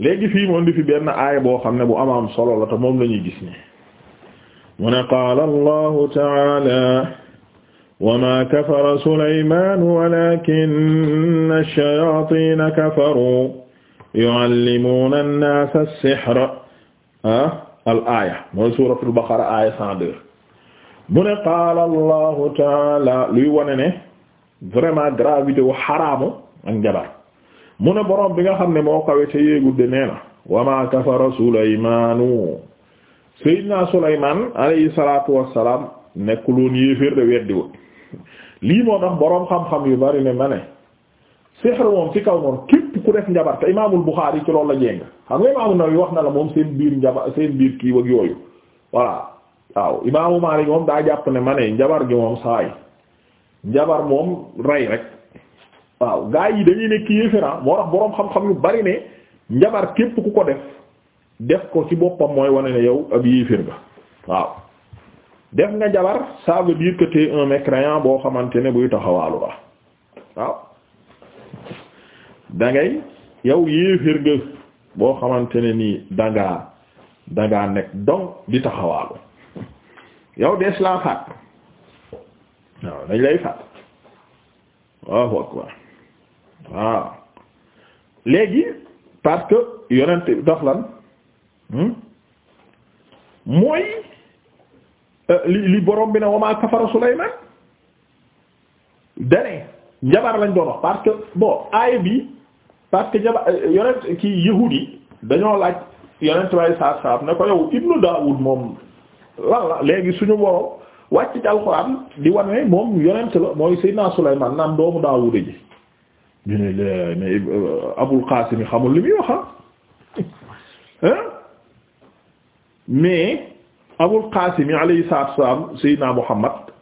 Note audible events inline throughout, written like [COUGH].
léegi fii moom di fi benn aaya boo xam ne bu amaam solo la te moom la ñuy gis ni mu ne qaala allahu taala wa ma kafara sulayman walakinna ash-shayatina kafaru yuallimuna an-nas as-sihra ah al aaya mooy suratul baqara aaya 102 mu ne qaala allahu taala luy wone ne vraiment gravité wu xaraamu ak njabar mu ne borom bi nga xam ne moo kawe ca yéegudde nee na wa ma kafara sulaymanu sayyidina sulayman alayhi salatu wassalam nekkuloon yéeféer de weddiwut lii moo tax boroom xam-xam yu bari ne ma ne sihr moom ci kaw noonu képp ku def njabar te imaamul Buxaari ci loolu la jéng xam nga imaamu Nawawi wax na la moom seen biir njabar seen biir kii ak yooyu voilà waaw imaamu Maalik moom daa jàpp ne ma ne njabar gi moom saay njabar moom rey rek waaw gaa yi dañuy nekk yéeféran moo tax boroom xam-xam yu bari ne njabar képp ku ko def def ko ci boppam mooy wane ne yow ak yéefér nga waaw def nga njabar ça veut dire que un mécréant boo xamante ne buy taxawaalu la waaw da ngay yow yéefér nga boo xamante ne nii danga dangaa nekk donc di taxawaalu yow dees laa faat waaw dañ lay faat waaw akbar waaw léegi parce que yonent dox lan hmm? mooy euh, li li borom bi ne wamaa kafara Sulaymaan dane njabar lañ doon parce que bon aaya bi parce que njabar euh, yonent ki yahuud yi dañoo laaj yonent way saab saab ne ko yow ibnu Daawud moom walla léegi suñu borom wàcc ci alxuraan di wane moom yonent la mooy Seydina Sulaymaan naan doomu Daawuda ji ñu ne la euh, xamul li muy wax ah [LAUGHS] mais Abul Qasim alayhi salaatu wa salaam Seydina Muhammad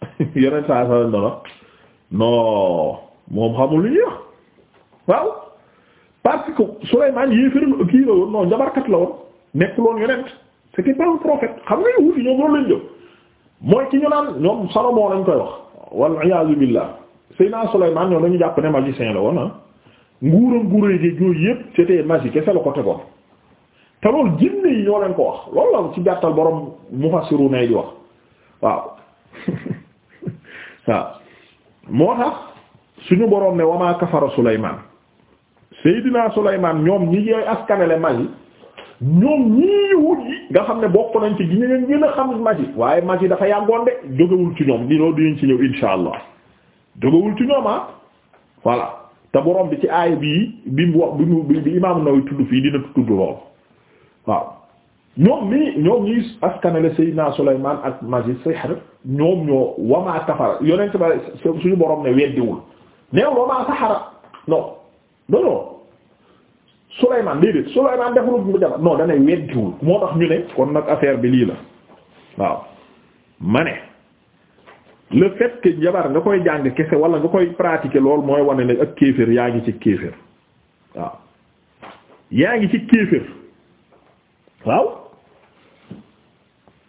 [LAUGHS] yeneen saa saa la wax non moom xamul li ñuy wax parce que Souleymane yéefar kii la woon non njabarkat la woon nekkul woon yonent c'était pas un prophète xam nga yow si ñoom loolu lañ jëm mooy ci ñu naan ñoom koy wax wal iyaazu billah Seydina Souleymane ñoom dañu jàpp ne magicien la woon ah nguuram guuree gi yooyu yëpp c'était magie kese la ko tegoon te loolu jinne yi ñoo leen ko wax loolu la ci gàttal borom mufassiru nay di wax waaw [LAUGHS] waaw moo tax suñu borom ne wamaa kafara Souleymane Seydina Souleymane ñoom ñi yooy askanale magie ñoom ñii wut yi nga xam ne bokk nañ ci ñi leen gën a maji magie waaye magie dafa yàggoon de jógewul ci ñoom di loolu dinañ ci ñëw insha allah. jógawul ci ñoom ah te boroom bi ci aaya bii bi mu wax bi mu bi Imaam Nawawi tudd fii dina tudd lool waaw ñoom nii ñoom ñuy askanale Seydina Sulaymaan ak magi sihr ñoom ñoo wamaa kafara yonent ba suñu borom ne weddiwul neew wamaa saxara non non non Sulaymaan déedéet Sulaymaan deful mu defar non danay weddiwul moo tax ñu ne kon nag affaire bi lii la waaw ma ne le fait que nga koy jàng kese wala nga koy pratiquer loolu mooy wane ne ak kéefër yaa ngi ci kéefër waaw yaa ngi ci kéefër waaw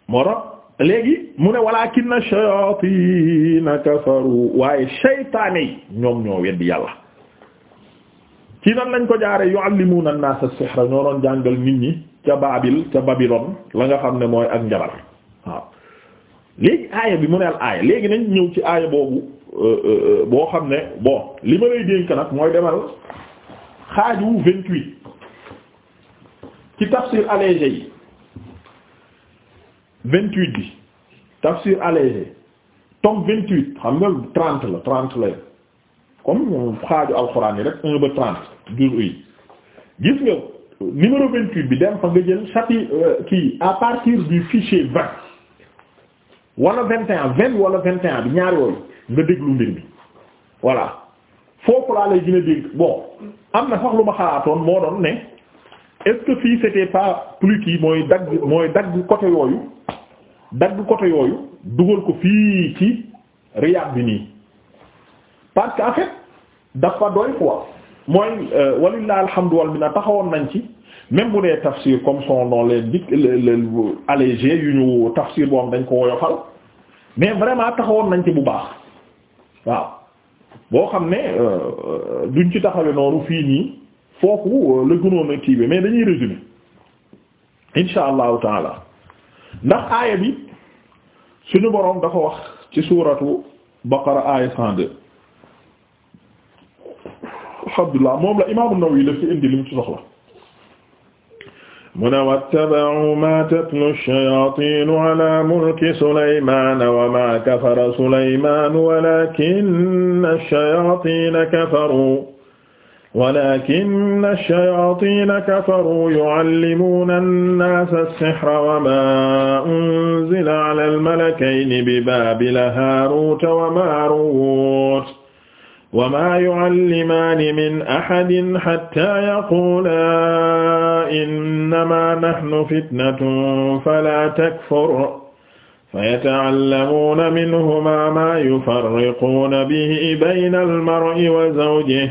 moo tax léegi mu ne walaakinna shayaatiina kafaru waaye shaytaane yi ñoom ñoo weddi yàlla ci nan lañ ko jaare yu'allimuuna an-naasa sihra ñoo doon jàngal nit ñi ca Baabil ca Babylone la nga xam ne mooy ak njabar waaw léegi aaya bi mu neel aaya léegi nañ ñëw ci aaya boobu euh, euh, boo xam ne boo li ma lay dénk nag mooy demal xaaju vingt-huit ci tafsir allégé yi vingt-huit bi tafsir allégé tome vingt-huit xam nga trente la trente la comme xaaju alxuraan yi rek un ba trente gis nga numéro vingt-huit bi dem fa nga jël chapitre euh, kii à partir du fichier vingt wala vingt et vingt wala vingt et bi ñaar yooyu nga déglu mbir bi voilà foofu laa lay gën dégg bon am na sax lu ma xalaatoon moo doon ne est-ce que fii c'était pas plus mooy dagg mooy dagg côté yooyu dagg côté yooyu dugal ko fii ci Riyad bi nii parce que en fait dafa doy quoi mooy euh, walilah alhamdu wal minna taxawoon nañ ci même bu dee tafsir comme son nom l'indique allégé yu ñu tafsir boo am dañ ko woyofal mais vraiment taxawoon nañ ci bu baax waaw boo xam ne euh, euh, duñ ci taxawe noonu fii nii foofu euh, la gënoon a kii bi mais dañuy résumé insha allahu taala ndax aaya bi suñu boroom dafa wax ci suuratu baqara aaya 102 alhamdulillah moom la imaamu yi la fi indi lim ci soxla mu ne wattaba'u ma tatlu ash-shayaatinu ala mulki Sulaymaan wa ma kafara Sulaymaan walaakinna ash-shayaatiina kafaruu walaakinna ash-shayaatiina kafaruu yu'allimuuna an-naasa as-sihra wa maa unzila ala al-malakayni bi Baabila Haaruuta wa Maaruuta وما يعلمان من أحد حتى يقولا إنما نحن فتنة فلا تكفر فيتعلمون منهما ما يفرقون به بين المرء وزوجه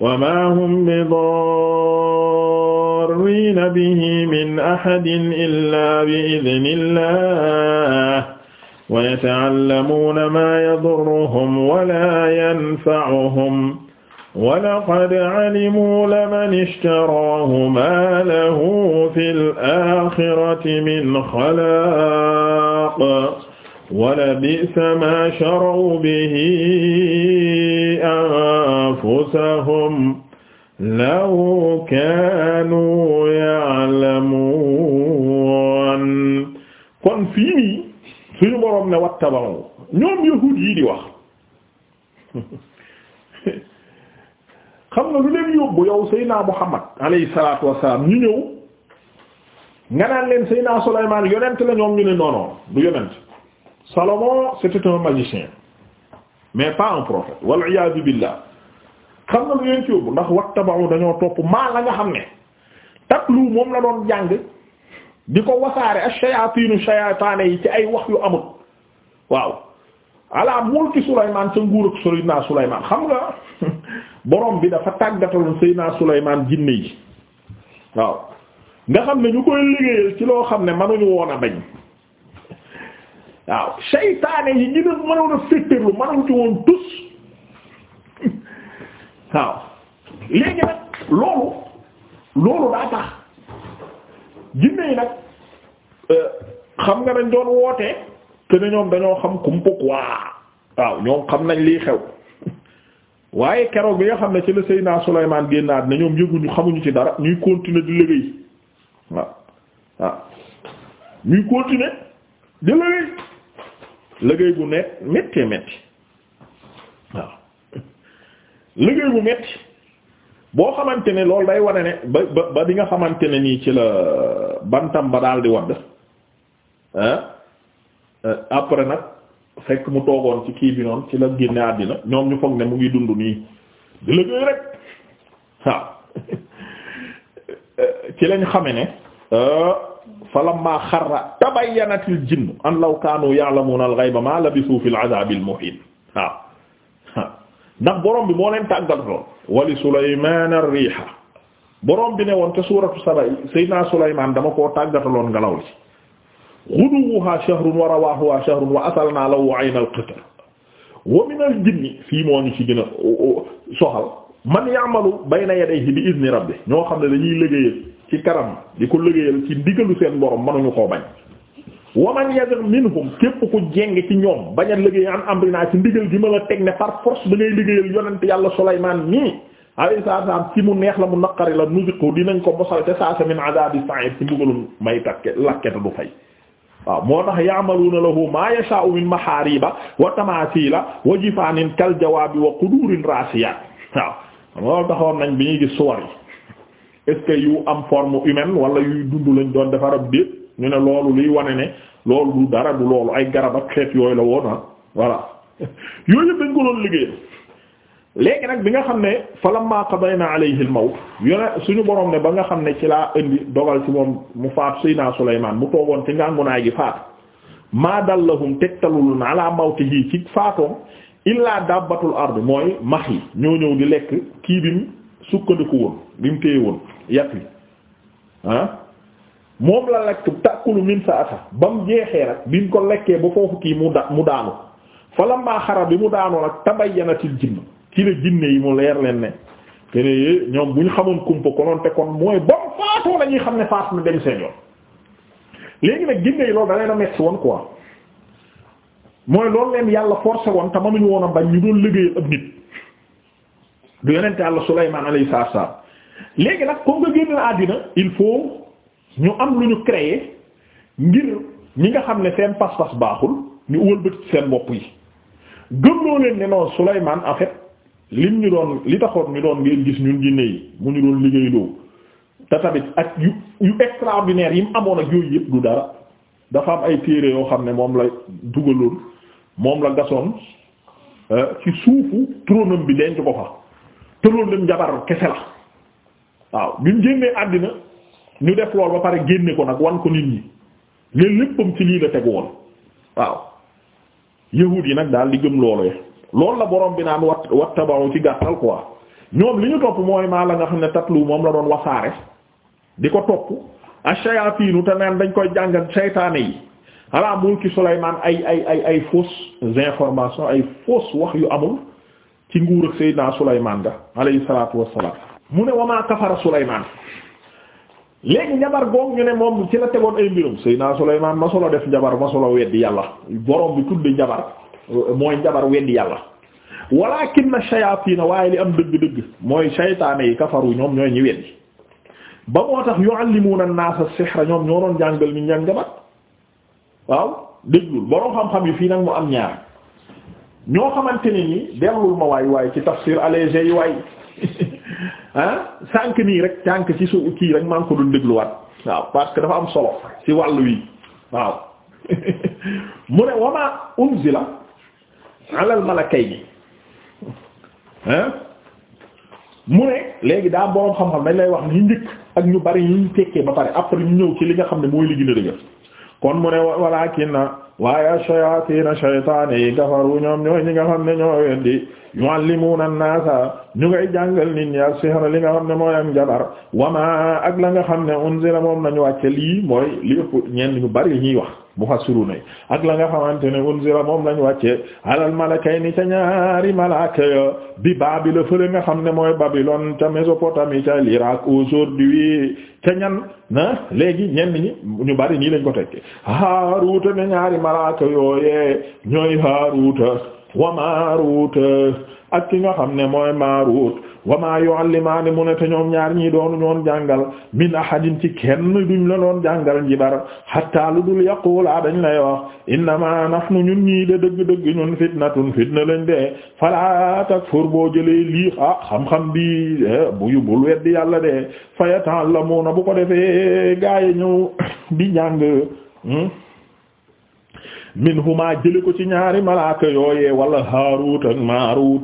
وما هم بضارين به من أحد إلا بإذن الله wa yata'allamuuna maa yadurruhum wala yanfa'uhum wa laqad 'alimuu laman ishtaraahu maa lahu fil aaxirati min xalaaq wa labi'sa maa sharaw bihi anfusahum law kaanuu ya'lamuun kon fii suñu boroom ne wattaba'u ñoom yahuud yi di wax xam nga lu leen yóbbu yow Seydina Muhammad alayhi salaatu wassalaam ñu ñëw nga naan leen Seydina Sulaymaan yonent la ñoom ñu ne non non du yonent Salomon c'était un magicien mais pas un prophète wal iyaadu billah xam nga lu leen yóbbu ndax wattaba'u dañoo topp maa la nga xam ne lu moom la doon jàng di ko wasaare ash-shayaatiinu shaytaane yi ci ay wax yu amut waaw ala mulki Souleymane ca nguurug Seydina Souleymane xam nga [LAUGHS] borom bi dafa tàggataloon Seydina Souleymane jinne yi waaw nga xam ne ñu koy liggéeyal ci loo xam ne mënuñu woon a bañ waaw shaytaane yi ñu ne mënoon a féeteerlu mënoon ci woon tus [LAUGHS] waaw léegi nag loolu loolu daa tax. jinne yi nag euh, xam nga dañ doon wootee te ñoom dañoo xam kumpa quoi waaw ñoom xam nañ lii xew [LAUGHS] waaye keroog bi nga xam ne ci la Seydina Sulaymaan génnaat ne ñoom yëguñu xamuñu ci dara ñuy continuer di liggéey waaw waaw ñuy continuer di liggéey liggéey bu net méttee métti waaw [LAUGHS] liggéey bu métti boo xamante ne loolu day wane ne ba ba ba nga xamante ne nii ci la bantam ba daal di wadd euh, après nag fekk mu toogoon ci kii bi noonu ci la génne àddina ñoom ñu foog ne mu ngi dund nii di liggéey rek waaw [LAUGHS] ci lañ xame ne euh, falamma xarra tabayyanatil jinn an law kaanu ya'lamuna al-ghayba ma labisu fil 'adhabil muhin waaw ndax borom bi moo leen tàggal lool wali Sulaymaan ar borom bi ne woon te suuratu Saba yi Seydina Sulaymaan dama koo tàggataloon ngelaw li ghuduwwuhaa shahrun wa rawaahuhaa shahrun wa asalnaa lahu ayna al-qitr wa min al fii moo ñu ci gën a soxal man ya'malu bayna yadayhi bi izni rabbih ñoo xam ne dañuy liggéeyal ci kanam di ko liggéeyal ci ndigalu seen borom mënuñu koo bañ. waman yazir minhum képp ku jeng ci ñoom bañ a liggéey am amri naa ci ndigal gi ma la teg ne par force da ngay yonent yàlla Sulaymaan nii alayhi salaam ci mu neex la mu naqari la nuziqu dinañ ko mosal te saasa min adabi sa'ir ci mbugalum may takke lakketa du fay waaw moo tax ya'maluna lahu ma yasha'u ma mahariba wa tamathila wa jifanin kal jawabi wa qudurin rasiyat waaw loolu taxoon nañ bi ñuy gis suwar yi est-ce que yu am forme humaine wala yuy dund lañ doon defar ab ñu ne loolu luy wane ne loolu du dara du loolu ay garab ak xeet yooyu la woon a ah, voilà [LAUGHS] yooyu yëpp dañ ko liggéey léegi nag bi nga xam ne falamma qadayna alayhi al-mawt yone suñu borom ne ba nga xam ne ci laa indi dogal ci moom mu faat Seydina Sulaymaan mu toogoon ci ngàngunaay gi faat maa dallahum tegtalulun ala mawtihi ci faatoom illaa dabbatul ard mooy max yi ñoo ñëw di lekk kii bi mu sukkandiku woon bi mu téye woon yat wi ah. moom la lekk takkulu min sa ata ba mu jeexee nag bi mu ko lekkee ba foofu kii mu da mu daanu fa lammaa xara bi mu daanoo nag tabayyanatil jinn ci la jinne yi mu leer leen ne te ne ñoom bu ñu xamoon kumpa konoon te kon mooy ba mu faatoo la ñuy xam ne faat na dem seen yoon léegi nag jinne yi loolu da leen a metti woon quoi mooy loolu leen yàlla forcé woon te ma mënuñu woon a bañ ñu doon liggéeyal ak nit du yeneen yàlla Sulaymaan alayhi salaam léegi nag comme il faut. ñu am lu ñu créé ngir ñi nga xam ne seen pas-pas baaxul ñu wëlbati seen bopp yi gëmloo leen ne non Souleymane en fait lim ñu doon li taxoon ñu doon ngeen gis ñu jinne yi mu ñu doon liggéey loo te tamit ak yu yu extraordinaire yi mu amoon ak yooyu yëpp du dara dafa am ay téere yoo xam ne moom la dugaloon moom la gasoon euh, ci suufu tronam bi denc ko fa te loolu jabar kese la waaw bi mu génnee àddina ñu def lool ba pare génne ko nag wan ko nit ñi ne léppam ci lii la teg woon waaw yahuud yi nag daal di gëm loolu loolu la borom bi naan wat wattabaru ci gàttal quoi ñoom li ñu topp mooy maa la nga xam ne tatlu moom la doon wasaare di ko topp ash-shayaatiinu te naan dañ koy jàngal seytaane yi ala mulki Sulaymaan ay ay ay ay fausses ay fausses wax yu amul ci nguur ak Seydina Sulaymaan ga alayhi salaatu wassalaam mu ne wa kafara Sulaymaan léegi njabar goog ñu ne moom ci la tegoon ay mbirum Seydina Sulaymaan ma solo def njabar ma solo weddi yàlla borom bi tudd njabar mooy njabar weddi yàlla walaakinna na waaye li am dëgg-dëgg mooy saytaane yi kafaru ñoom ñoo ñi weddi ba moo tax yu'allimuuna an-naasa sihra ñoom ñoo doon jàngal ñu ñaan njabar waaw déglul borom xam-xam yi fii nag mu am ñaar ñoo xamante ni ni dellul ma waay waay ci tafsir allégé yi waay [LAUGHS] ah sànq nii rek sànq ci su kii rek maa ngi ko doon dégluwaat waaw parce dafa am solo ci wàllu yi waaw [LAUGHS] mu ne wama unzila ala al malakayni ah mu ne léegi daa boroom xam-xam dañ lay wax ni njëkk ak ñu bari ñu tekkee ba pare après ñu ñëw ci li nga xam ne mooy li gën a dëgër kon mu ne walakin na waaye ash-shayaatiina shaytaane yi kafaru ñoom ñooy ñi nga xam ne ñoo weddi yuallimuuna an-naasa ñu ngay jàngal nit ñi as-sihra li nga xam ne mooy ak njabar wama ak la nga xam ne unzila moom nañu wàcce lii mooy li ëpp ñenn ñu bari ñuy wax mufassiruna ak la nga xamante ne unzira moom lañ wàcce alal malakayni ca ñaari malaka bi baabi la fële nga xam ne mooy Babylone ca Mésopotamie ca l'Irak aujourd'hui ca ñan léegi ñenn ñi ñu bari nii lañ ko tekke Haaruta ne ñaari malaka yooye ñooy Haaruta wa Maaruut ak ki nga xam ne mooy Maaruut wa yoon yu'allimaani mu ne te ñoom ñaar ñii doonu ñoon jàngal min ahadin ci kenn duñ la doon jàngal njibar hatta lu dul yaqulaa dañ lay wax innamaa nahnu ñun ñii de dëgg-dëgg ñun fitnatun fitna lañ de falaa takfur boo jëlee lii ah xam-xam bi eh, buyu bul weddi yàlla de fa yata'allamuuna bu ko defee gaay ñëw di jàng hmm? minhuma jële ko ci ñaari malaaka yooyee wala Haaruut ak Maaruut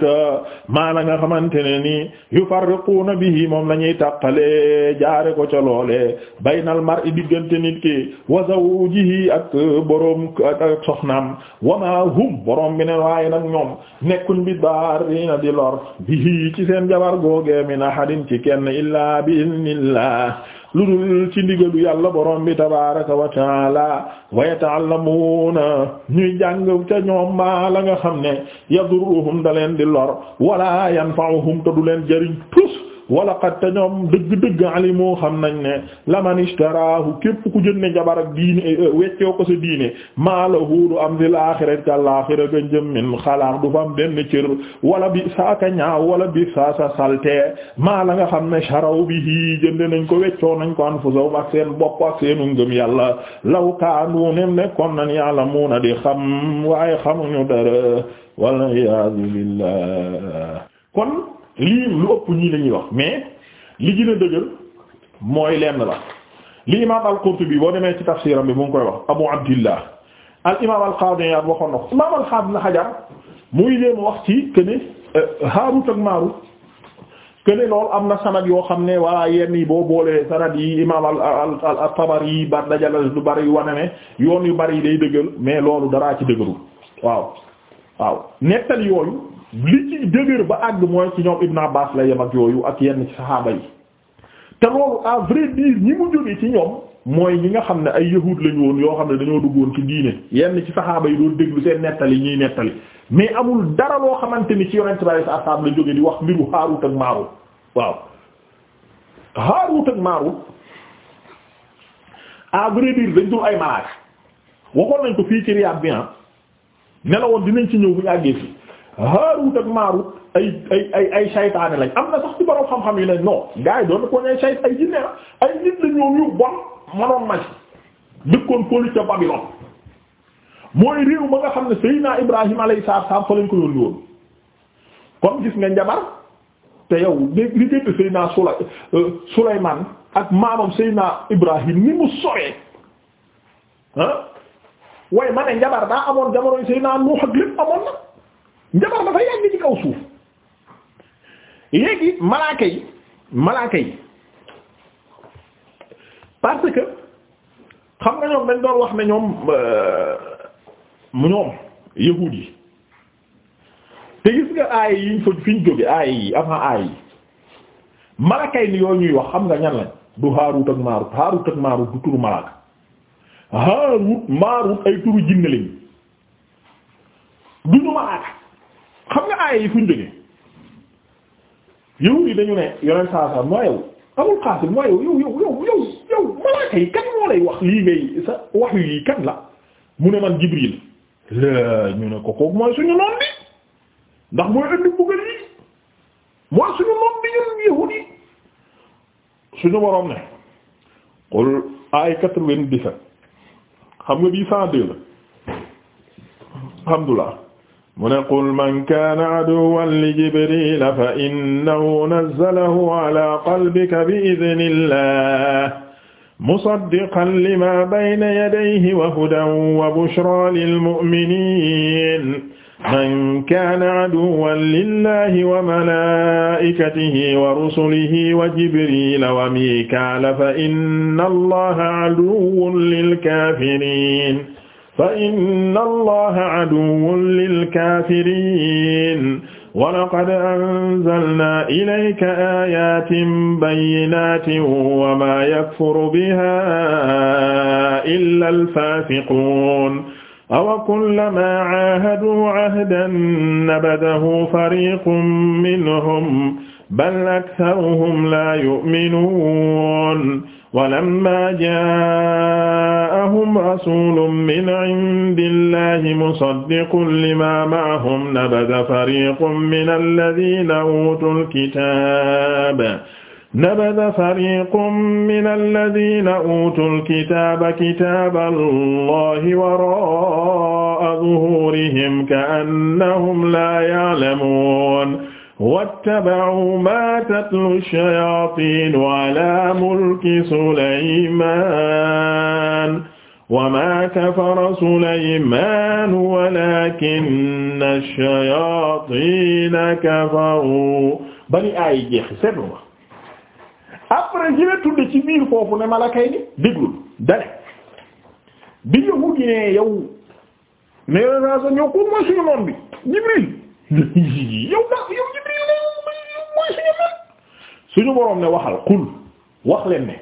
maana nga xamante ne ni yufarriquuna bihi moom lañuy ñuy tàqale jaare ko ca loole baynal mar'i diggante nit ki wa zawjihi ak boroom ak soxnaam wa maa hum boroom bi ne waaye nag ñoom nekkuñ bi daarina di lor bihi ci seen jabar googee min ahadin ci kenn illaa bi idnillah lu dul ci ndigalu yàlla borom bi tabaaraka wa taala wa yata'allamuuna ñuy jàng ca ñoom maa la nga xam ne yadurruhum da leen di lor wala yanfa'uhum te du leen jariñ tus wala qad te ñoom dëgg-dëgg alimu xam nañ ne laman ishtarahu képp ku jënne jabar ak diine euh, weccoo ko sa diine maalahu du am fil aaxirati ca laaxira ga jëm min xalaaq du fa am benn cër wala bi saaka ñaaw wala bi saa sa salte maa nga xam ne sharaw bihi jënd nañ ko weccoo nañ ko anfusahum ak seen bopp ak seenu ngëm yàlla law ka kaanu nem ne kon nan ya'lamuuna di xam waaye xamuñu dara wal iyaadu billah kon lii lu ëpp ñii lañuy wax mais li gën a dëgër mooy lenn la li imaam al-Qurtubi boo demee ci tafsiram bi mu ngi koy wax Abu Abdillah al imaam al-Qaadi Iyaad waxoon na ko imaam al-Qaadi na Hajar muy leen wax ci que ne euh, Haarut ak Maarut que ne am na sanad yoo xam ne walla yenn yi boo boolee sanad yi imaam al-Tabari yi ba dajale lu bari wane ne yoon yu bari yi day dëggal mais loolu daraa ci dëgërul waaw waaw nettal yooyu. li ci dëgër ba àgg mooy ci ñoom Ibn Abbas la yem ak yooyu ak yenn ci saxaaba yi te loolu à ñi mu jóge ci ñoom mooy ñi nga xam ne ay yahuud lañu woon yoo xam ne dañoo duggoon ci diine yenn ci saxaaba yi doon déglu seen nettali ñuy nettali mais amul dara loo xamante ni ci yonent bari sa asab la jóge di wax mbiru Haarut ak Maarut waaw Haarut ak Maarut à dañ dul ay malade waxoon nañ ko fii ci Riyad bien ah. ne la dinañ ci ñëw bu ñu àggee fii Haarut ak Maarut ay ay ay ay lañ am na sax ci borom xam-xam yi lañ non gars doon ko ne ay jinne ay nit la ñoom yu bon manoon na ci dëkkoon Poli ca Babylone mooy réew ma nga xam ne Seydina Ibrahima alayhi salaam fa lañ ko yónni woon comme gis nga njabar te yow dégg li dégg Seydina Souley euh, Souleymane ak maamam Seydina Ibrahim ni mu soree ah waaye ma ne njabar daa amoon jamonoy Seydina Nuux ak lépp amoon na. njabar dafa yàgg ci kaw suuf léegi malaaka yi malaaka yi parce que xam nga ñoom dañ doon wax ne ñoom mu euh, ñoom yi te gis nga aaya yiñ fa fi ñu jóge aaya yi avant aaya yi malaaka yi ni yooyu ñuy wax xam nga ñan lañ du Haarut ak Maarut Haarut ak Maarut du turu malaaka Haarut Maarut ay turu jinne lañ duñu malaaka xam nga aaya yi fuñ jógee yow dañu ne yoneen saa saa moo yow Abul Qaasim moo yow yow yow yow yow yow yi kan moo lay wax lii ngay sa wax yi kan la mu ne man Jibril la ñu ne ko kooku mooy suñu noon bi ndax mooy indi buggal yi mooy suñu noon bi ñun yahuud suñu boroom ne qul ay quatre vingt dix xam nga bii cent deux la alhamdulillah mu ne qul man kaana aduwwan li jibrila fa innahu nazzalahu ala qalbika bi idhnillah musaddiqan lima bayna yadayhi wa hudan wa bushra lil mu'minin man kaana aduwwan lillahi wa malaa'ikatihi wa rusulihi wa jibrila wa mikaala fa inna allaha aduwwun lil kaafiriin fa inna allaha aduwwun lil kaafiriin wa laqad anzalnaa ilayka aayaatin bayyinaatin wa maa yakfuru bihaa illa al-faafiquun awa kullamaa caahaduu cahdan nabadahu fariiqun minhum bal aktharuhum laa yu'minuun ولما جاءهم رسول من عند الله مصدق لما معهم نبذ فريق من الذين أوتوا الكتاب نبذ فريق من الذين أوتوا الكتاب كتاب الله وراء ظهورهم كأنهم لا يعلمون wattaba'u ma tatlu shayaatinu ala mulki Sulaymaan wa ma kafara Sulaymaan walaakinna shayaatiina kafaru bani ay jeex seetlu ma après ji la tudd ci biir foofu ne malakay ni déglul dale bi yahuud yi ne yow ne yow naa sa ñëw ko mooy suñu noon bi Jibril [LAUGHS] yow naa yow suñu boroom ne waxal qul wax leen ne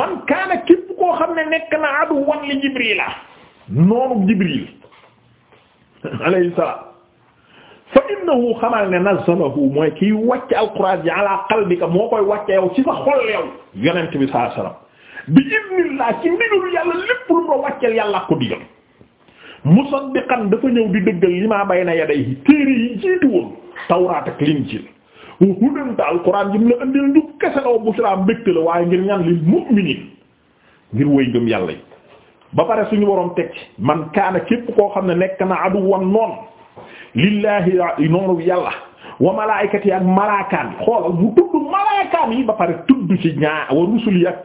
man kaana képp koo xam ne nekk na adu wan li jibrila noonu jibril [LAUGHS] alayhi salaam fa innahu xamal ne nazzalahu mooy kiy wàcc alquran ji moo koy wàcce yow ci sa xol yow yonent bi sallallahu alayhi wasallam bi idnillah ci ndigalu yàlla lépp lu ma wàcceel yàlla ko digal musaddiqan dafa ñëw di dëggal li maa bayna yadayhi téere yi jiitu woon tawraat ak linjiil ku hudanta alquran jim la andil njub kese la wa bushra mbégte waaye ngir ñan lil mu'minin ngir wëy ngëm yàlla yi ba pare suñu borom teg ci man kaana képp koo xam ne nekk na aduwan noon lillahi noonu yàlla wa malaaykat ak malaakaan xoolal mu tudd malaakaan yi ba pare tudd ci ñaa wa rusul yi ak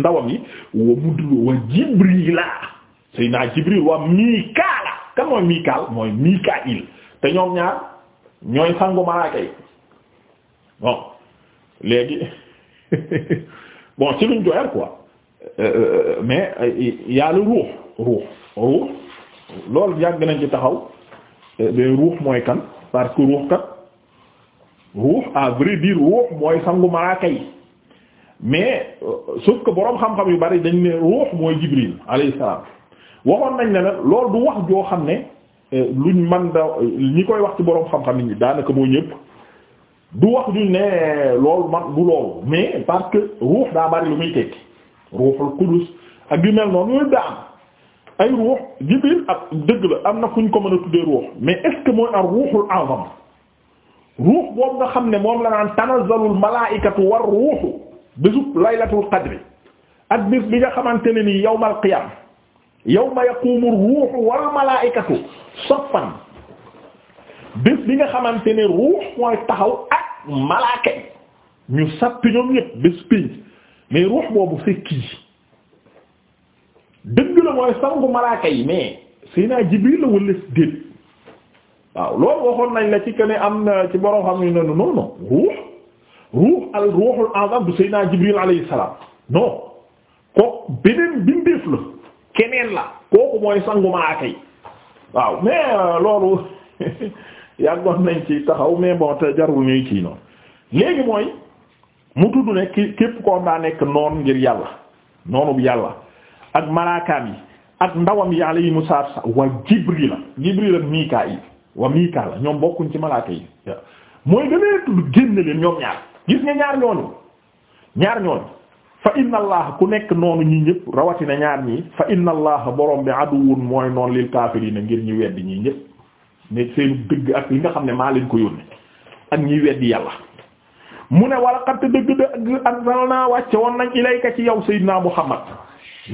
ndawam yi wa mudd wa jibrila sayna jibril wa mikaala kan mooy mikaal mooy mikail te ñoom ñaar ñooy sangu malaaka yi bon léegi [LAUGHS] bon ci luñ doyal quoi euh, euh, euh, mais y'a le ruux ruux ruux loolu yàgg nañ ci taxaw ruux mooy kan parce que ruux kat ruux à vrai ruux mooy sangu malaaka yi mais sauf ko boroom xam-xam yu bari dañ ne ruux mooy Jibril alayhi salaam waxoon nañ ne nag loolu du wax joo xam ne luñ man da ñi koy wax ci boroom xam-xam yi daanaka moo ñëpp du wax ñu ne loolu man du loolu mais parce que ruux daa bari lu muy tekki ruuxul qudus ak yu mel noonu yooyu am ay ruux Jibril ak dëgg am na fu ñu ko mën a tuddee ruux mais est-ce que mooy ar ruuxul azam ruux boobu nga xam ne moom la naan tanazzalul malaa'ikatu war ruuxu bésu laylatul qadri ak bés bi nga xamante ne nii yawmal qiyaam yawma yaqumu ruuxu wal malaa'ikatu saffan bés bi nga xamante ne ruux mooy taxaw ak malaaka ñu sàppi ñoom ñëpp bés pénc mais ruux boobu fekk yi dëgg la mooy sangu malaaka yi mais Seydina Jibril la wala déet waaw loolu waxoon nañ la ci que ne am na ci borom xam ne non non non ruux ruux al ruuxul azam du Seydina Jibril alayhi salaam non kooku beneen bindeef la keneen la kooku mooy sangu malaaka yi waaw mais euh, loolu [LAUGHS] yàggoon nañ ci taxaw mais bon te jarul ñuy kii léegi mooy mu tudd ne ki képp koo daa nekk noon ngir yàlla noonub yàlla ak malaakaam yi ak ndawam yàlla yi mu alayhimu salaatu wa jibrila jibrila mikaayil wa mikaala ñoom bokkuñ ci malaaka yi mooy danee tudd génne leen ñoom ñaar gis nga ñaar ñooñu ñaar ñooñu fa inna allah ku nekk noonu ñi ñëpp rawatina ñaar ñi fa inna allah borom bi aduwun mooy noon lil kaafiriina ngir ñu weddi ñii ñëpp ne seenu dëgg ak li nga xam ne maa leen ko yónnee ak ñiy weddi yàlla mu ne wala xatt dëgg dëgg anzalna wàcce woon nañ ilayka ci yow sayyidina Muhammad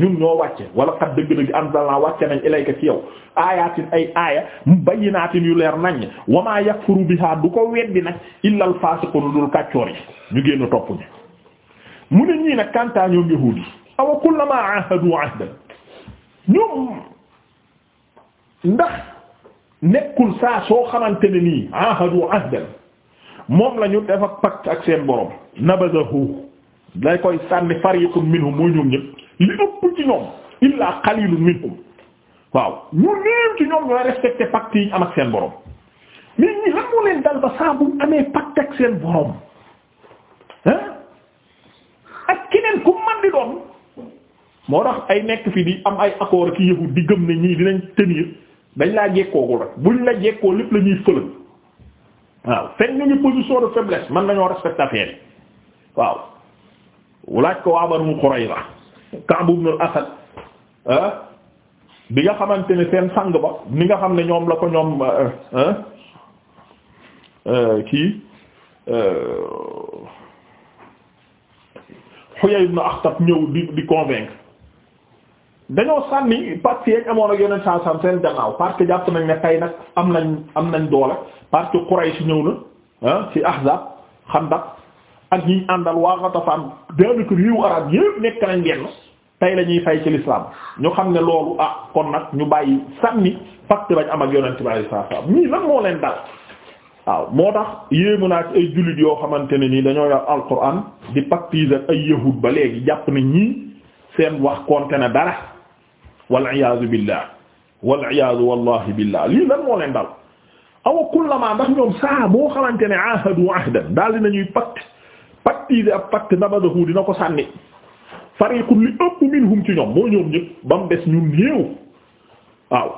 ñun ñoo wàcce wala xat dëgg-dëgg anzalna wàcce nañ ilayka ci yow ayatin ay aaya bayyinatin yu leer nañ wa ma yakfuru biha du ko weddi nag illa al fasiqun dul kàccoor yi ñu génn topp ñu mu ne ñii nag kantaa ñoom yahuud yi awa kullama ahadu ahdan ñoom ndax nekkul saa soo xamante ne nii ahadu ahdan moom lañu ñu def ak pacte ak seen borom nabadahu lay koy sànni fariqun minhum mooy ñoom ñëpp li ëpp ci ñoom illa qalilun minhum waaw ñu néew ci ñoom ñooy respecté pacte yi ñu am ak seen borom mais ñi bu amee ak seen borom ku man di doon moo tax ay nekk fi di am ay accord ki yahud di gëm ne ñii dinañ tenir dañ laa jekkoogul bu buñ la jekkoo lépp la fëlëg waaw fekk ñu ngi position de faiblesse man nañoo respecté affaire waaw wulaaj ko waa Banu Qurayza Ka'b ibn al-Asad ah, bi nga xamante ne seen sang ba ni nga xam ne ñoom la ko ñoom ah, ah, kii Huyay ibn Akhtab ñëw di di convaincre dañoo sànni parce que yañ amoon ak yeneen saa sam seen gannaaw parce que jàpp nañ ne tey nag am nañ am nañ doole parce que Quraysh ñëw na ah ci Ahzab Xandaq ak ñi àndal waa Ghatafan daanaka réewu arab yépp nekk nañ genn tey la ñuy fay ci l'islam ñu xam ne loolu ah kon nag ñu bàyyi sànni pacte bañ am ak yonent bi sallallahu alayhi wasallam mii lan moo leen dal waaw moo tax yéemu naa ci ay jullit yoo xamante ne nii dañoo yor alquran di pactiser ay yahud ba léegi jàpp nañ ñii seen wax konte na dara. wal iyaazu billah wal iyaazu wallahi billah lii lan moo leen dal awa kullama ndax ñoom saa boo xamante ne ahadu ahdan daal dinañuy pacte pactiser ab pacte nabadahu dina ko sànni fariqun li ëpp minhum ci ñoom moo ñoom ñëpp ba mu des ñu néew waaw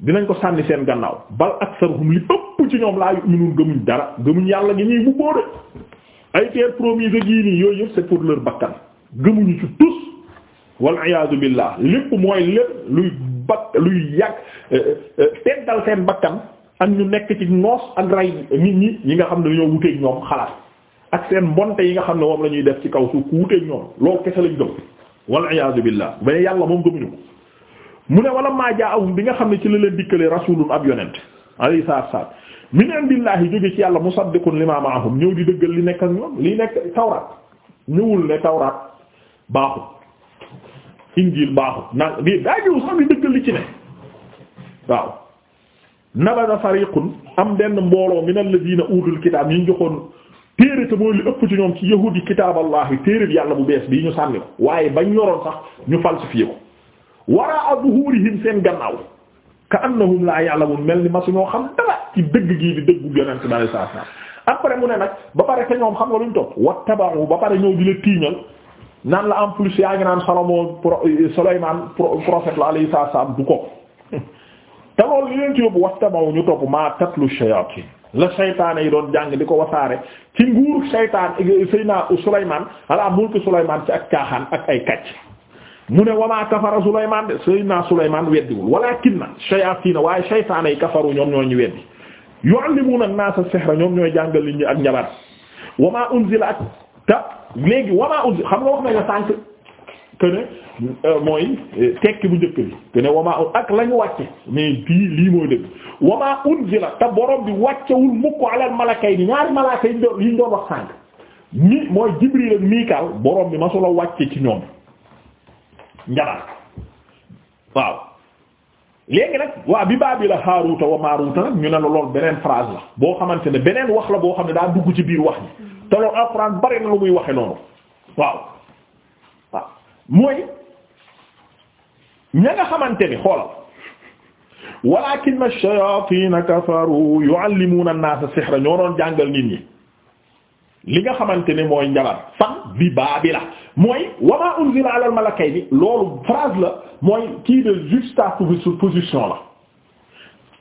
dinañ ko sànni seen gannaaw bal aktharuhum li ëpp ci ñoom laa yu'minun gëmuñ dara gëmuñ yàlla gi ñuy bu bóore ay terres promises gii nii yooyu yëpp c'est pour leur bakkan gëmuñu ci tous wal iyaadu billah lépp mooy lépp luy bakk luy yàq euh, euh, euh, teddal seen bakkan ak ñu nekk ci noos ak rey nit ñi ñi nga xam ne dañoo wuteeg ñoom xalaat ak seen mbonte yi nga xam ne moom la ñuy def ci kaw suuf ku wuteeg ñoom loolu kese lañ gëm wal iyaadu billah ba yàlla moom gëmuñu ko mu ne wala maa jaa'ahum bi nga xam ne ci la leen dikkalee rasulun ab yonent alayhi salaatu salaam min indillahi jóge ci yàlla musaddiqun lima ma'ahum ñëw di dëggal li nekk ak ñoom li nekk tawraat ñëwul ne tawraat injil baaxut na di daa ñëw sax di dëggal li ci ne waaw nabada fariqun am denn mbooloo min alladina utul kitaab ñu joxoon téere te mooy li ëpp ci ñoom ci yahudi kitaaballahi téere bi yàlla bu bees bi ñu sànni ko waaye bañ yoroon sax ñu falsifié ko waraa zuhurihim seen gannaaw ka annahum laa yàlla ya'lamun mel ni ma su ñoo xam dara ci dëgg gii di dëggu yonent bi sallallahu alayhi wasallam après mu ne nag ba pare te ñoom xam nga luñ topp wattaba'u ba pare ñëw di la tiiñal naan la en plus yaa ngi naan Salomon pro Souleymane prophète la alayhi salaam du ko te loolu li leen ci yóbbu waxtamaw ñu topp maa tatlu shayatin la seytaane yi doon jàng di ko wasaare ci nguur seytaan Seyna Souleymane ala mulki Souleymane ci ak caaxaan ak ay kàcc mu ne wamaa kafara Souleymane de Seyna Souleymane weddiwul walaakinna shayatin waaye seytaane yi kafaru ñoom ñoo weddi yu'allimuna an-nasa sihra ñoom ñooy jàngal nit ñi ak njabar te léegi wamaa unzila xam nga wax na nga sànq que euh, mooy euh, tekki bu njëkk bi que ne wamaa ak la wàcce mais fii lii mooy dëgg wamaa unzila te borom bi wàccewul mukk alal malakay ni ñaari malaka yi ñu doon wax sànq mi mooy Jibril ak Mikaal borom bi masula wàcce ci ñoom njabar waaw léegi nag waa bi baabi la Haaruta wa Maaruta ñu ne la lool beneen phrase la boo xamante ne beneen wax la boo xam ne daa dugg ci biir wax ni te loolu alxuraan bari na lu muy waxe noonu waaw waaw mooy ña nga xamante ni xoolal walakin ash-shayatin kafaru yuallimuna an-nasa sihra ñoo doon jàngal nit ñi li nga xamante ne mooy njabar fan bi baabi la mooy wama unzila ala al-malakayni loolu phrase la mooy kii de juxtaposition la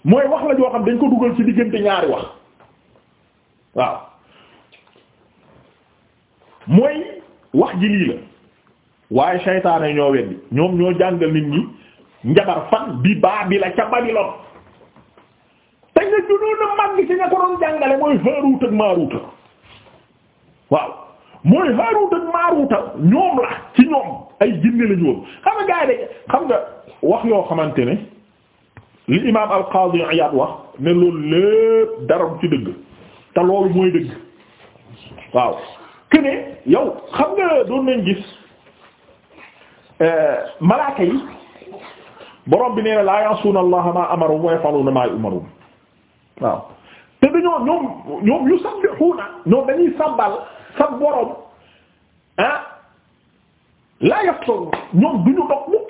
mooy wax la joo xam dañ ko dugal ci diggante ñaari wax waaw mooy wax ji lii la waaye saytaane ñoo weddi ñoom ñoo jàngal nit ñi njabar fan bi baa ca Babilon te nga junoon a màgg ci nga ko doon jàngale mooy Haaruut ak Maaruut waaw mooy Haaruut ak Maaruut ñoom la ci ñoom ay jinne la ñoom xam nga wax yoo xamante ne li imaam al-Qaadi Iyaad wax ne loolu lépp dara du ci dëgg te loolu mooy dëgg waaw que ne yow xam nga doon nañ gis euh, malaaka yi borom bi nee na laa ya'suuna allaha maa amarahum wa yaf'aluuna maa yu'maruun waaw te dañoo ñoom ñoom yusabbihuuna ñoom dañuy sàbbal sa borom ah laa yaftaruun ñoom duñu dog mukk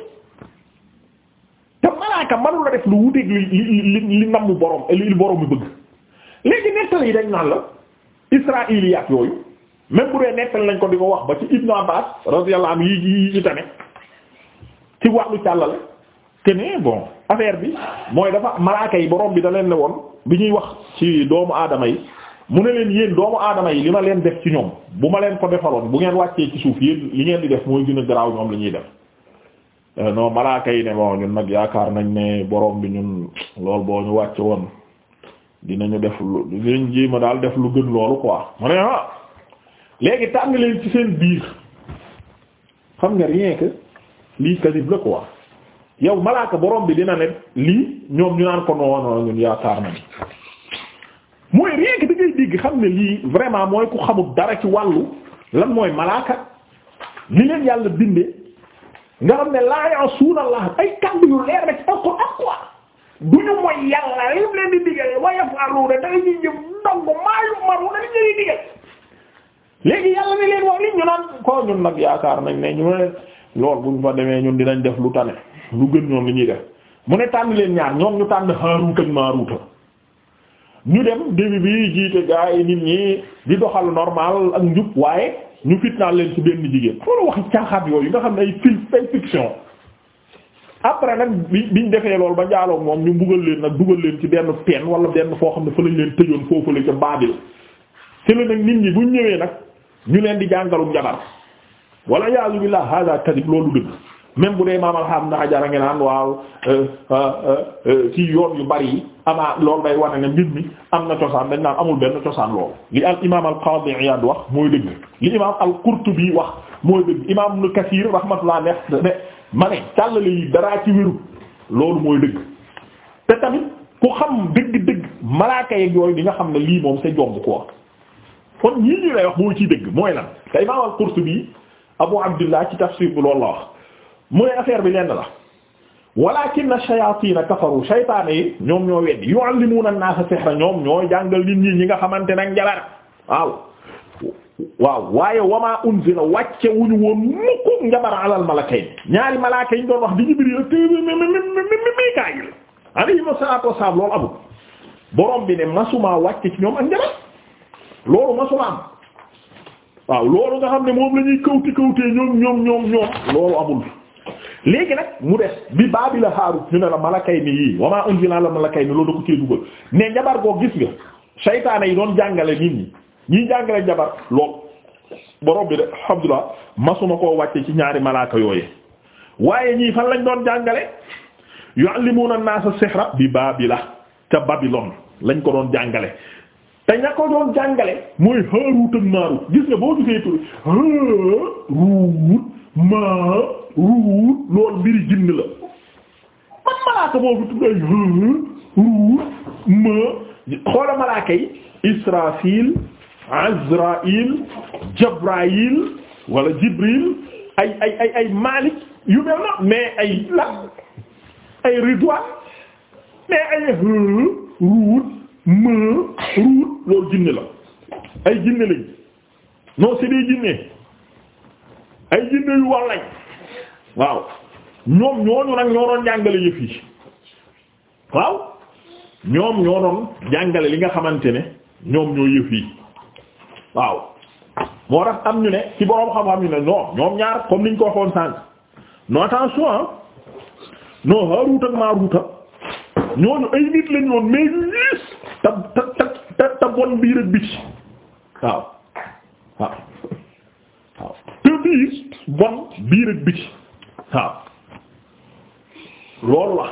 te malaaka mënu la def lu wuteeg li li li namm borom li borom bi bëgg léegi nettali yi dañ naan la israiliyaat yooyu. même bu dee nekkal nañ ko di ko wax ba ci Ibnu Abbas radiyallahu anhu yi yi ci tamit ci wàllu càllale te bon affaire bi mooy dafa malaaka yi boroom bi da leen ne woon bi ñuy wax ci doomu aadama yi mu ne leen yéen doomu aadama yi li ma leen def ci ñoom bu ma leen ko defaloon bu ngeen wàccee ci suuf yéen li ngeen di def mooy gën a garaaw ñoom li ñuy def euh, noo malaaka yi ne bon ñun nag yaakaar nañ ne boroom bi ñun lool boo ñu wàcce woon dinañu def lu dinañ daal def lu gën loolu léegi tàng leen ci seen biir xam nga rien que lii kadib la quoi yow malaaka borom bi dina ne lii ñoom ñu naan ko noonu ñun yaakaar nañu mooy rien que da ngay xam ne lii vraiment mooy ku xamul dara ci wàllu lan mooy malaaka li leen yàlla bindee nga xam ne laa ya'suuna Allah ay kàddu yu leer na ci alxuraan quoi du ñu mooy yàlla lim leen di digal wa yaf'aluuna da ngay ñuy jëm ndongo maa yu maru na li ñu digal. léegi yàlla ni leen wax li ñu naan ko ñun nag yaakaar nañ ne ñu ne lool bu ñu fa demee ñun dinañ def lu tane lu gën ñoom li ñuy def mu ne tànn leen ñaar ñoom ñu tànn Haaruut ak Maaruuta ñu dem début bi jiite gaa yi nit ñi di doxal normal ak njub waaye ñu fitnaal leen ci benn jigéen loolu wax caaxaat yooyu nga xam ne ay film ay fiction après nag bi biñ defee loolu ba njaaloog moom ñu mbugal leen nag dugal leen ci benn pen wala benn foo xam ne fa lañ leen tëjoon foofu la ca Baabil te nit ñi buñ ñëwee nag ñu leen di jàngalum njabar wala yaasu billah hada kadib loolu dëgg même bu dee maamal xam na jara ngeen naan waaw euh, euh, euh, ci yoon yu bari yi amaa lool day wane ne mbir mi am na cosaan dañ naan amul benn cosaan loolu li al imam al qadi iyad wax mooy dëgg li imam al qurtubi wax mooy dëgg imam ibn kathir rahmatullah ne ne ma ne càllale yi daraa ci wéru loolu mooy dëgg te tamit ku xam dëgg-dëgg malaaka yeeg yooyu di nga xam ne lii moom c'est jomb quoi kon ñii ñu lay wax moo ciy dëgg mooy lan te imaam al-Qurtubi Abu Abdillah ci tafsir bi loolu la wax mu ne affaire bi lenn la walakin ash-shayatin kafaru shaytaan yi ñoom ñoo weddi yu'allimuna an-nasa sihra ñoom ñooy jàngal nit ñi nga xamante nag njabar waaw waaw waaye wama unzila wàcce wuñu woon mukk njabar alal malakayn ñaari malaaka yi doon wax di Jibril te Mikaayil alayhi salaatu wa salaam loolu amul borom bi ne masuma ci ñoom ak njabar loolu masula am waaw loolu nga xam ne moom la ñuy kawti kawtee ñoom ñoom ñoom ñoom loolu amul léegi nag mu des bi baabi la xaaru ñu ne la malakay ni yii wamaa unzila la malakay ni loolu da ko cee dugal ne njabar goo gis nga saytaane yi doon jàngale nit ñi ñiy jàngale njabar lool borom bi de alhamdulilah masuma koo wàcce ci ñaari malaaka yooye waaye ñii fan lañ doon jàngale yu'allimuna an-nasa sihra bi baabila ca Babylone lañ ko doon jàngale te ña ko doon jàngale mooy Haaruut ak Maaruut gis nga boo gisee tur Haaruut Maaruut loolu mbiri jinn la man malaaka boobu tudd ay Haaruut ma xoola malaaka yi Israafil Azraa'il Jabraa'il wala Jibril ay ay ay Maalik yu mel mais ay la ay Ridwaan mais ay Haaruut ma ruut loolu jinne la ay jinne lañ non c'est des jinne ay jinne yu war lañ waaw ñoom ñooñu nag ñoo doon jàngale yëf yi waaw ñoom ñoo doon jàngale li nga xamante ne ñoom ñoo yëf waaw moo tax am ñu ne ci boroom xam am ñu ne non ñoom ñaar comme niñ ko waxoon sànq non attention ah. non Haaruut ak Maaruut ay nit lañ woon mais yées te te te te bon biir ak biti waaw waaw waaw te biir bon biir ak biti waaw loolu la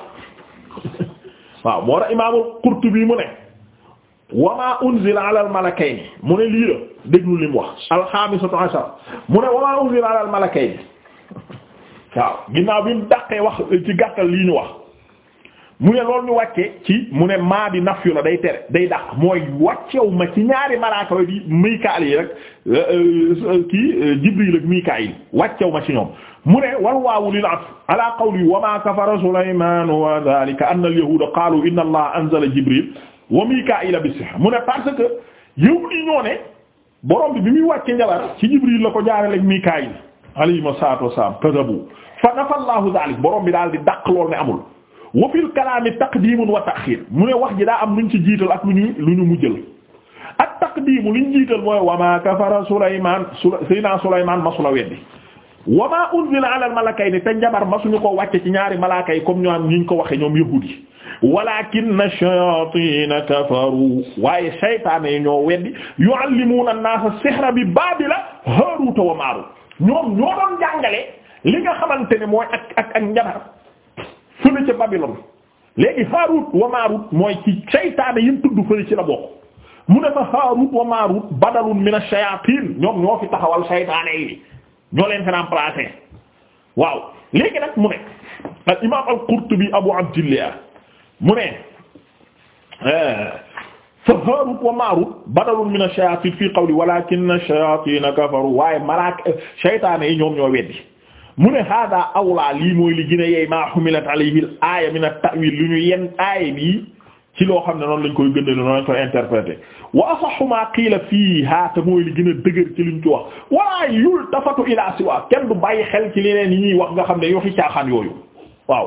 waaw moo tax imaamul Qurtubi mu ne wa maa unzila ala al malakayni mu ne lii la déglu li mu wax alxaamisatu ashar mu ne wa maa unzila ala al malakayni waaw ginnaaw bi mu dàqee wax ci gàttal lii ñu wax mu ne loolu ñu wàccee ci mu ne maa bi naf yu la day tere day dàq mooy wàccew ma ci ñaari malaaka di Mikaal yi rek euh, euh, kii euh, Jibril ak Mikaayil wàccew ma ci ñoom mu ne wal waawu lil af ala qawli wa ma kafara Sulaymaan wa zaalika anna al yahuuda qaalu inna allaha anzala Jibril wa Mikaayila bi sihr mu ne parce que yow li ñoo ne borom bi bi muy wàcce njabar ci Jibril la ko jaarale ak Mikaayil alayhimu salaatu wa salaam kadabu fa nafa allahu zaalik borom bi daal di dàq lool ne amul wa fil kalaami taqdiimun wa taxiir mu ne wax ji daa am lu ñu ci jiital ak lu ñu lu ñu mujjal ak taqdiimu li ñu jiital mooy ma kafara Sulaymaan Seydina Sulaymaan ma la weddi wamaa unzila ala al malakayni te njabar masuñu ko wàcce ci ñaari malaaka yi comme ñoom ñu ko waxe ñoom yahuud yi walakin ash-shayaatiina kafaru waaye saytaane yi ñoo weddi yu'allimuuna an-naasa sihra bi baabila haaruuta wa maaruut ñoom ñoo doon li nga xamante ne mooy ak ak ak njabar fële ca Babylone léegi wa Maarut mooy ci seytaane yi tudd fële ci la bokk mu ne fa Haarut wa Maarut badalun min ash-shayaatiin ñoom ñoo fi taxawal seytaane yi ñoo leen fi remplacer waaw léegi nag mu ne al imaam al-Qurtubi Abu Abdillah mu ne eh, fa Haarut wa Maarut badalun min ash-shayaatiin fii qawli walaakinna ash-shayaatiin kafaru waaye ma eh, seytaane yi ñoom ñoo weddi mu ne hada awla lii mooy li gën a yey maa xumilat alayhi al aaya min at ta'wil lu ñu yenn aaya bi ci loo xam ne noonu lañ koy gëndale noonu lañ koy interprété wa asahhu ma qiila fii haata mooy li gën a dëgër ci luñ ci wax wala yultafatu ila siwa kenn du bàyyi xel ci leneen yi ñuy wax nga xam ne yoo fi caaxaan yooyu